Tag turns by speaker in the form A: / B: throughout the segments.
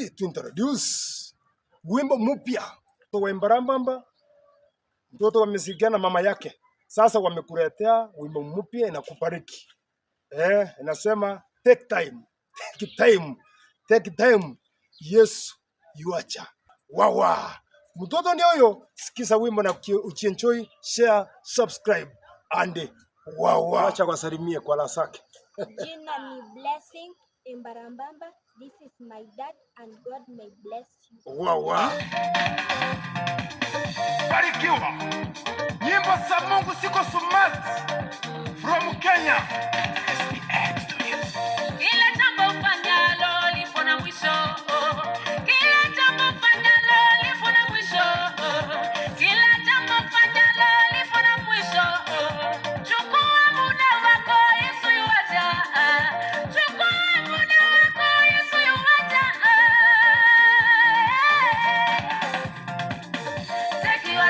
A: ready to introduce wimbo mpya Towaimbarambamba, mtoto wamesikia na mama yake. Sasa wamekuletea wimbo mpya inakubariki. Eh, inasema take time. Take time. Take time. Yesu yuacha. Wawa. Mtoto ni huyo, sikiza wimbo na uchienjoy, share, subscribe and wawa. Acha kwa salimie kwa lasake.
B: Jina ni Blessing. In Imbarambamba, this is my dad, and God may bless you.
A: Wow, wow. from Kenya.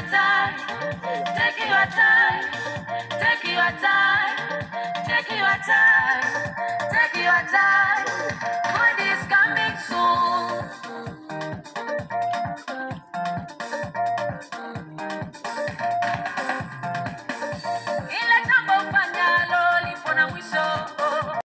A: time, take your time, take your time, take your time.